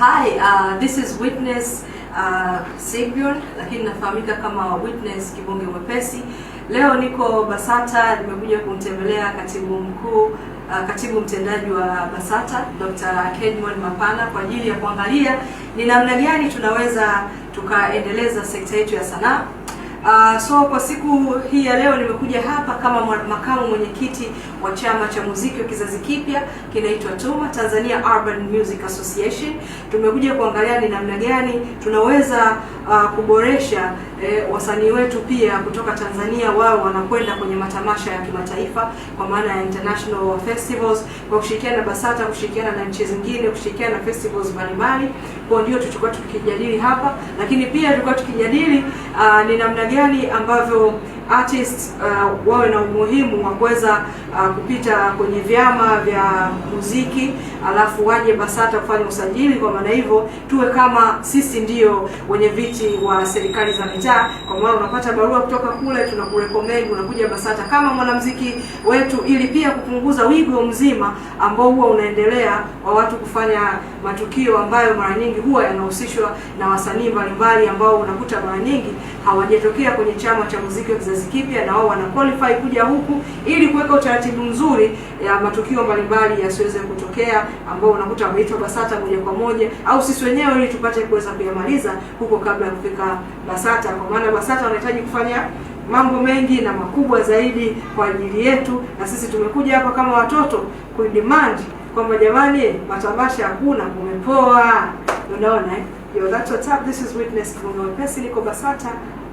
Hi, uh, this is Witness uh, Sigbion, lakini nafahamika kama Witness Kibonge Mwepesi. Leo niko BASATA, nimekuja kumtembelea katibu mkuu uh, katibu mtendaji wa BASATA Dr. Kedmon Mapana kwa ajili ya kuangalia ni namna gani tunaweza tukaendeleza sekta yetu ya sanaa Uh, so kwa siku hii ya leo nimekuja hapa kama makamu mwenyekiti wa chama cha muziki wa kizazi kipya kinaitwa TUMA, Tanzania Urban Music Association. Tumekuja kuangalia ni namna gani tunaweza uh, kuboresha eh, wasanii wetu pia kutoka Tanzania, wao wanakwenda kwenye matamasha ya kimataifa kwa maana ya international festivals, kwa kushirikiana na BASATA, kushirikiana na nchi zingine, kushirikiana na festivals mbalimbali. Kwa ndio tulikuwa tukijadili hapa, lakini pia tulikuwa tukijadili uh, ni namna gani ambavyo artists uh, wawe na umuhimu wa kuweza uh, kupita kwenye vyama vya muziki alafu waje BASATA kufanya usajili. Kwa maana hivyo tuwe kama sisi ndio wenye viti wa serikali za mitaa, kwa maana unapata barua kutoka kule, tunakurecommend unakuja BASATA kama mwanamuziki wetu, ili pia kupunguza wigo mzima ambao huwa unaendelea wa watu kufanya matukio ambayo mara nyingi huwa yanahusishwa na wasanii mbalimbali ambao unakuta mara nyingi hawajatokea kwenye chama cha muziki wa kizazi kipya, na wao wana qualify kuja huku ili kuweka utaratibu mzuri ya matukio mbalimbali yasiweze kutokea, ambao unakuta wameitwa BASATA moja kwa moja au sisi wenyewe, ili tupate kuweza kuyamaliza huko kabla ya kufika BASATA, kwa maana BASATA wanahitaji kufanya mambo mengi na makubwa zaidi kwa ajili yetu, na sisi tumekuja hapa kama watoto kuidemand kwamba jamani, matamasha hakuna, kumepoa. unaona eh? Yo, that's what's up. This is witness You know, niko BASATA